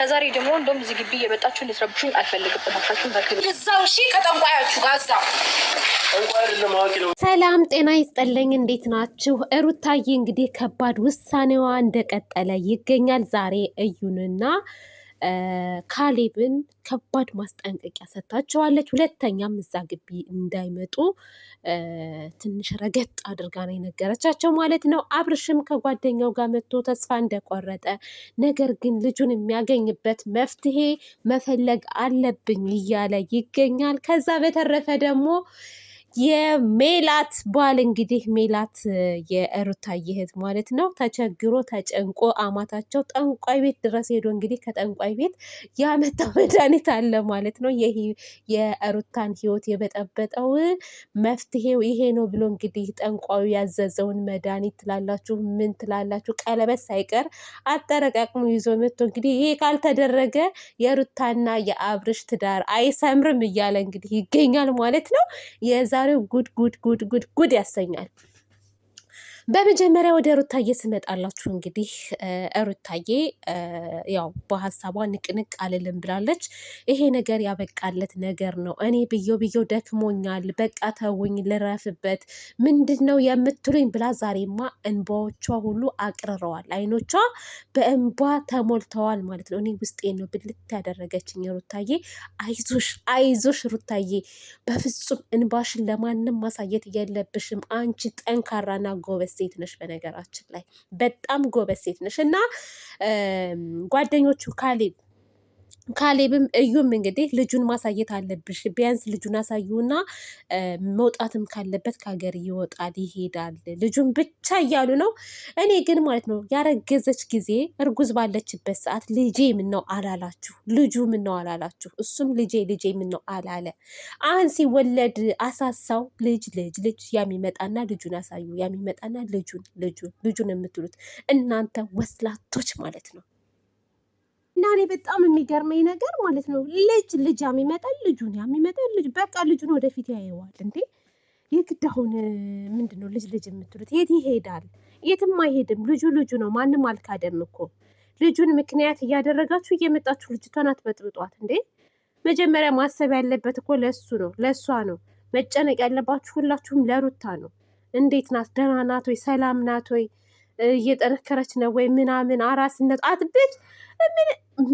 ከዛሬ ደግሞ እንደውም እዚህ ግቢ እየመጣችሁ እንድትረብሹኝ አልፈልግም። እባካችሁን በክል እዛው ሺ ከጠንቋያችሁ ጋር እዛው ሰላም ጤና ይስጠለኝ። እንዴት ናችሁ? ሩታዬ እንግዲህ ከባድ ውሳኔዋ እንደቀጠለ ይገኛል። ዛሬ እዩንና ካሌብን ከባድ ማስጠንቀቂያ ሰጥታቸዋለች። ሁለተኛም እዛ ግቢ እንዳይመጡ ትንሽ ረገጥ አድርጋ ነው የነገረቻቸው ማለት ነው። አብርሽም ከጓደኛው ጋር መጥቶ ተስፋ እንደቆረጠ ነገር ግን ልጁን የሚያገኝበት መፍትሄ መፈለግ አለብኝ እያለ ይገኛል። ከዛ በተረፈ ደግሞ የሜላት ባል እንግዲህ ሜላት የእሩታ እህት ማለት ነው። ተቸግሮ ተጨንቆ አማታቸው ጠንቋይ ቤት ድረስ ሄዶ እንግዲህ ከጠንቋይ ቤት ያመጣው መድኃኒት አለ ማለት ነው። የሩታን ህይወት የበጠበጠው መፍትሄው ይሄ ነው ብሎ እንግዲህ ጠንቋዩ ያዘዘውን መድኃኒት ትላላችሁ ምን ትላላችሁ፣ ቀለበት ሳይቀር አጠረቃቅሙ ይዞ መጥቶ እንግዲህ ይሄ ካልተደረገ የሩታና የአብርሽ ትዳር አይሰምርም እያለ እንግዲህ ይገኛል ማለት ነው የዛ ፈጣሪው ጉድ ጉድ ጉድ ጉድ ጉድ ያሰኛል። በመጀመሪያ ወደ ሩታዬ ስመጣላችሁ እንግዲህ ሩታዬ ያው በሀሳቧ ንቅንቅ አልልም ብላለች። ይሄ ነገር ያበቃለት ነገር ነው። እኔ ብዮ ብዬው ደክሞኛል፣ በቃ ተውኝ፣ ልረፍበት ምንድን ነው የምትሉኝ ብላ ዛሬማ እንባዎቿ ሁሉ አቅርረዋል። አይኖቿ በእንባ ተሞልተዋል ማለት ነው። እኔ ውስጤ ነው ብልት ያደረገችኝ ሩታዬ። አይዞሽ አይዞሽ ሩታዬ፣ በፍጹም እንባሽን ለማንም ማሳየት የለብሽም። አንቺ ጠንካራና ጎበስ ሴት ነሽ፣ በነገራችን ላይ በጣም ጎበዝ ሴት ነሽ እና ጓደኞቹ ካሌብ ካሌብም እዩም እንግዲህ ልጁን ማሳየት አለብሽ፣ ቢያንስ ልጁን አሳዩና መውጣትም ካለበት ከሀገር ይወጣል ይሄዳል፣ ልጁን ብቻ እያሉ ነው። እኔ ግን ማለት ነው ያረገዘች ጊዜ እርጉዝ ባለችበት ሰዓት ልጄ ምነው አላላችሁ? ልጁ ምነው አላላችሁ? እሱም ልጄ ልጄ ምነው አላለ። አሁን ሲወለድ አሳሳው ልጅ ልጅ ልጅ ያሚመጣና ልጁን አሳዩ፣ ያሚመጣና ልጁን ልጁን ልጁን የምትሉት እናንተ ወስላቶች ማለት ነው። እና እኔ በጣም የሚገርመኝ ነገር ማለት ነው ልጅ ልጅ ያሚመጣል ልጁን ያሚመጣል ልጅ በቃ ልጁን ወደፊት ያየዋል እንዴ። የግድ አሁን ምንድን ነው ልጅ ልጅ የምትሉት? የት ይሄዳል? የትም አይሄድም። ልጁ ልጁ ነው። ማንም አልካደም እኮ ልጁን ምክንያት እያደረጋችሁ እየመጣችሁ ልጅቷን አትበጥብጧት እንዴ። መጀመሪያ ማሰብ ያለበት እኮ ለሱ ነው ለእሷ ነው። መጨነቅ ያለባችሁ ሁላችሁም ለሩታ ነው። እንዴት ናት? ደህና ናት ወይ? ሰላም ናት ወይ? እየጠነከረች ነው ወይ ምናምን አራስነት አትቤት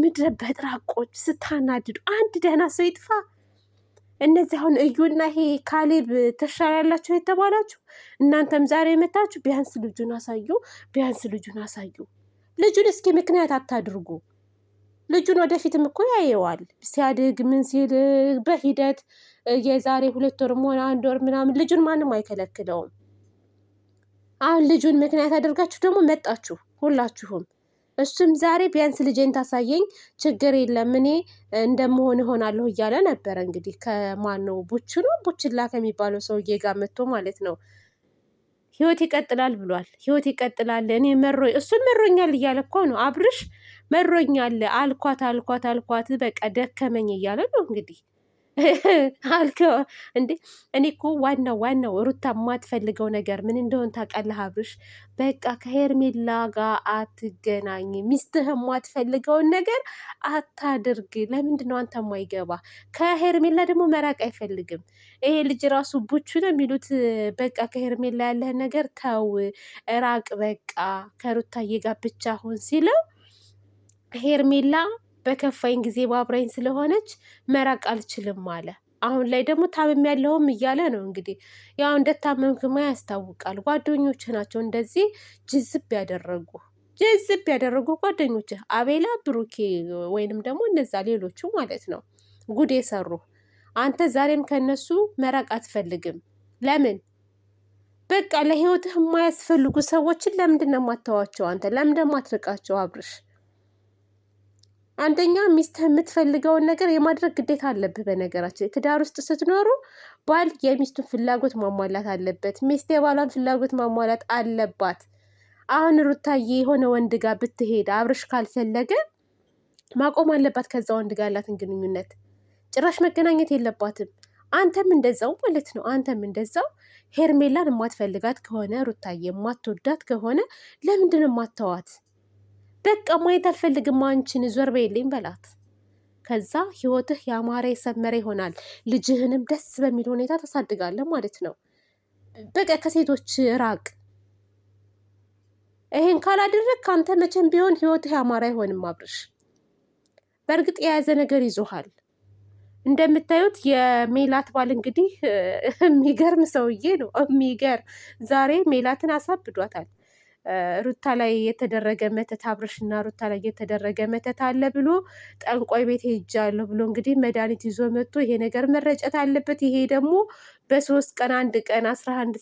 ምድረ በጥራቆች ስታናድዱ አንድ ደህና ሰው ይጥፋ። እነዚህ አሁን እዩና ይሄ ካሌብ ያላቸው የተባላችሁ እናንተም ዛሬ የመታችሁ ቢያንስ ልጁን አሳዩ፣ ቢያንስ ልጁን አሳዩ። ልጁን እስኪ ምክንያት አታድርጉ። ልጁን ወደፊትም እኮ ያየዋል ሲያድግ ምን ሲል በሂደት የዛሬ ሁለት ወር ሆነ አንድ ወር ምናምን ልጁን ማንም አይከለክለውም። አሁን ልጁን ምክንያት አድርጋችሁ ደግሞ መጣችሁ ሁላችሁም። እሱም ዛሬ ቢያንስ ልጄን ታሳየኝ ችግር የለም እኔ እንደመሆን እሆናለሁ እያለ ነበረ። እንግዲህ ከማን ነው ቡች ነው ቡችላ ከሚባለው ሰውዬ ጋር መጥቶ ማለት ነው። ህይወት ይቀጥላል ብሏል። ህይወት ይቀጥላል። እኔ መሮ እሱን መሮኛል እያለ እኮ ነው አብርሽ። መሮኛል አልኳት አልኳት አልኳት በቃ ደከመኝ እያለ ነው እንግዲህ አልከ እንዴ? እኔ እኮ ዋናው ዋናው ሩታ የማትፈልገው ነገር ምን እንደሆን ታውቃለህ አብርሽ? በቃ ከሄርሜላ ጋር አትገናኝ፣ ሚስትህ የማትፈልገውን ነገር አታድርግ። ለምንድን ነው አንተ ማይገባ ከሄርሜላ ደግሞ መራቅ አይፈልግም ይሄ ልጅ ራሱ ቡቹ ነው የሚሉት። በቃ ከሄርሜላ ያለህን ነገር ተው፣ ራቅ፣ በቃ ከሩታዬ ጋር ብቻ ሁን ሲለው ሄርሜላ በከፋኝ ጊዜ ባብራኝ ስለሆነች መራቅ አልችልም አለ። አሁን ላይ ደግሞ ታምም ያለውም እያለ ነው እንግዲህ ያው እንደታመምክማ ያስታውቃል። ጓደኞች ናቸው እንደዚህ ጅዝብ ያደረጉ ጅዝብ ያደረጉ ጓደኞች አቤላ፣ ብሩኬ ወይንም ደግሞ እነዛ ሌሎቹ ማለት ነው ጉድ የሰሩ አንተ ዛሬም ከነሱ መራቅ አትፈልግም። ለምን በቃ ለህይወትህ የማያስፈልጉ ሰዎችን ለምንድን ነው የማታዋቸው? አንተ ለምንድን ነው የማትርቃቸው አብርሽ? አንደኛ ሚስት የምትፈልገውን ነገር የማድረግ ግዴታ አለብህ። በነገራችን ትዳር ውስጥ ስትኖሩ ባል የሚስቱን ፍላጎት ማሟላት አለበት፣ ሚስት የባሏን ፍላጎት ማሟላት አለባት። አሁን ሩታዬ የሆነ ወንድ ጋር ብትሄድ አብርሽ ካልፈለገ ማቆም አለባት ከዛ ወንድ ጋር ያላትን ግንኙነት ጭራሽ መገናኘት የለባትም። አንተም እንደዛው ማለት ነው። አንተም እንደዛው ሄርሜላን የማትፈልጋት ከሆነ ሩታዬ የማትወዳት ከሆነ ለምንድን የማትተዋት? በቃ ማየት አልፈልግም አንቺን፣ ዞር በይልኝ በላት። ከዛ ህይወትህ ያማረ የሰመረ ይሆናል። ልጅህንም ደስ በሚል ሁኔታ ታሳድጋለህ ማለት ነው። በቃ ከሴቶች ራቅ። ይሄን ካላደረግ ከአንተ መቼም ቢሆን ህይወትህ ያማረ አይሆንም። አብርሽ በእርግጥ የያዘ ነገር ይዞሃል። እንደምታዩት የሜላት ባል እንግዲህ የሚገርም ሰውዬ ነው። የሚገርም ዛሬ ሜላትን አሳብዷታል። ሩታ ላይ የተደረገ መተት አብርሽና ሩታ ላይ የተደረገ መተት አለ ብሎ ጠንቋይ ቤት ሄጃለሁ ብሎ እንግዲህ መድኃኒት ይዞ መጥቶ ይሄ ነገር መረጨት አለበት። ይሄ ደግሞ በሶስት ቀን አንድ ቀን አስራ አንድ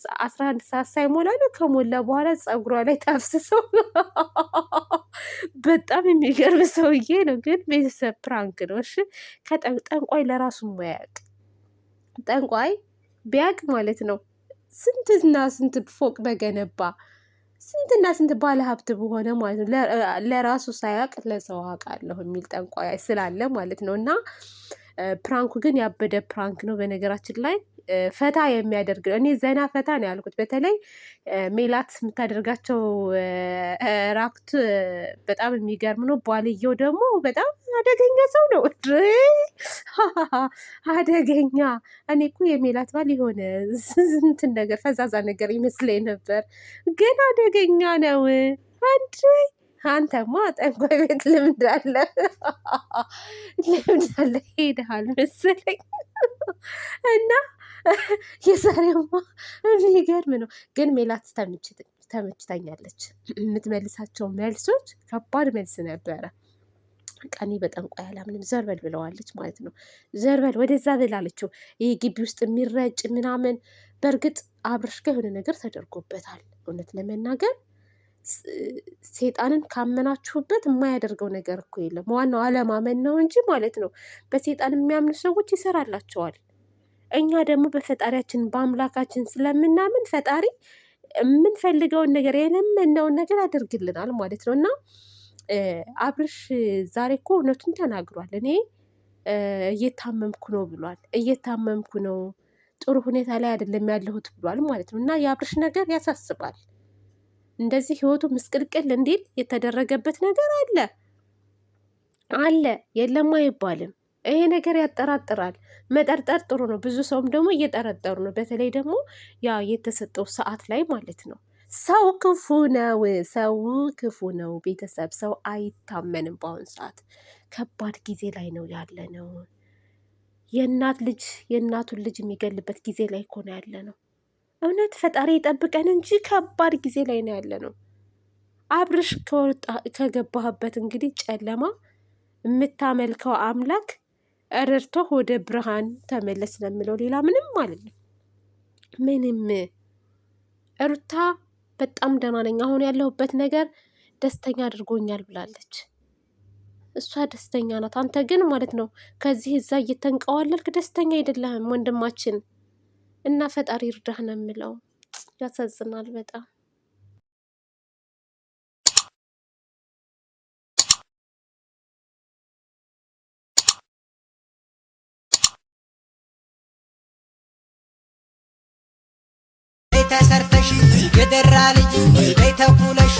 ሰዓት ሳይሞላ ነው ከሞላ በኋላ ጸጉሯ ላይ ታፍስሰው በጣም የሚገርም ሰውዬ ነው። ግን ቤተሰብ ፕራንክ ነው። እሺ ከጠንቋይ ለራሱ ማያቅ ጠንቋይ ቢያቅ ማለት ነው ስንትና ስንት ፎቅ በገነባ ስንትና ስንት ባለ ሀብት በሆነ ማለት ነው ለራሱ ሳያውቅ ለሰው አውቃለሁ የሚል ጠንቋይ ስላለ ማለት ነው እና ፕራንኩ ግን ያበደ ፕራንክ ነው። በነገራችን ላይ ፈታ የሚያደርግ ነው። እኔ ዘና ፈታ ነው ያልኩት። በተለይ ሜላት የምታደርጋቸው ራክት በጣም የሚገርም ነው። ባልየው ደግሞ በጣም አደገኛ ሰው ነው። አደገኛ እኔ እኮ የሜላት ባል የሆነ እንትን ነገር ፈዛዛ ነገር ይመስለኝ ነበር፣ ግን አደገኛ ነው አንድ አንተማ ጠንቋይ ቤት ልምድ አለ ልምድ አለ ሄደሃል መሰለኝ እና የዛሬማ የሚገርም ነው። ግን ሜላት ተመችታኛለች። የምትመልሳቸው መልሶች ከባድ መልስ ነበረ። ቀኔ በጠንቋይ አላምንም ዘርበል ብለዋለች ማለት ነው። ዘርበል ወደዛ ብላለችው። ይህ ግቢ ውስጥ የሚረጭ ምናምን በእርግጥ አብርሽ ጋር የሆነ ነገር ተደርጎበታል እውነት ለመናገር ሴጣንን ካመናችሁበት የማያደርገው ነገር እኮ የለም። ዋናው አለማመን ነው እንጂ ማለት ነው። በሴጣን የሚያምኑ ሰዎች ይሰራላቸዋል። እኛ ደግሞ በፈጣሪያችን በአምላካችን ስለምናምን ፈጣሪ የምንፈልገውን ነገር የለመነውን ነገር ያደርግልናል ማለት ነው። እና አብርሽ ዛሬ እኮ እውነቱን ተናግሯል። እኔ እየታመምኩ ነው ብሏል። እየታመምኩ ነው ጥሩ ሁኔታ ላይ አይደለም ያለሁት ብሏል ማለት ነው። እና የአብርሽ ነገር ያሳስባል። እንደዚህ ህይወቱ ምስቅልቅል እንዲል የተደረገበት ነገር አለ አለ የለም አይባልም። ይሄ ነገር ያጠራጥራል። መጠርጠር ጥሩ ነው። ብዙ ሰውም ደግሞ እየጠረጠሩ ነው። በተለይ ደግሞ ያ የተሰጠው ሰዓት ላይ ማለት ነው። ሰው ክፉ ነው። ሰው ክፉ ነው። ቤተሰብ ሰው አይታመንም። በአሁን ሰዓት ከባድ ጊዜ ላይ ነው ያለ ነው። የእናት ልጅ የእናቱን ልጅ የሚገልበት ጊዜ ላይ እኮ ነው ያለ ነው። እውነት ፈጣሪ ይጠብቀን እንጂ ከባድ ጊዜ ላይ ነው ያለ ነው። አብርሽ ከገባህበት እንግዲህ ጨለማ የምታመልከው አምላክ ረድቶ ወደ ብርሃን ተመለስ ነው የምለው። ሌላ ምንም ማለት ነው ምንም። ሩታ በጣም ደህና ነኝ፣ አሁን ያለሁበት ነገር ደስተኛ አድርጎኛል ብላለች። እሷ ደስተኛ ናት። አንተ ግን ማለት ነው ከዚህ እዛ እየተንቀዋለልክ ደስተኛ አይደለህም ወንድማችን። እና ፈጣሪ እርዳህ ነው የምለው። ያሳዝናል በጣም። ተሰርተሽ የደራ ልጅ ተኩለሽ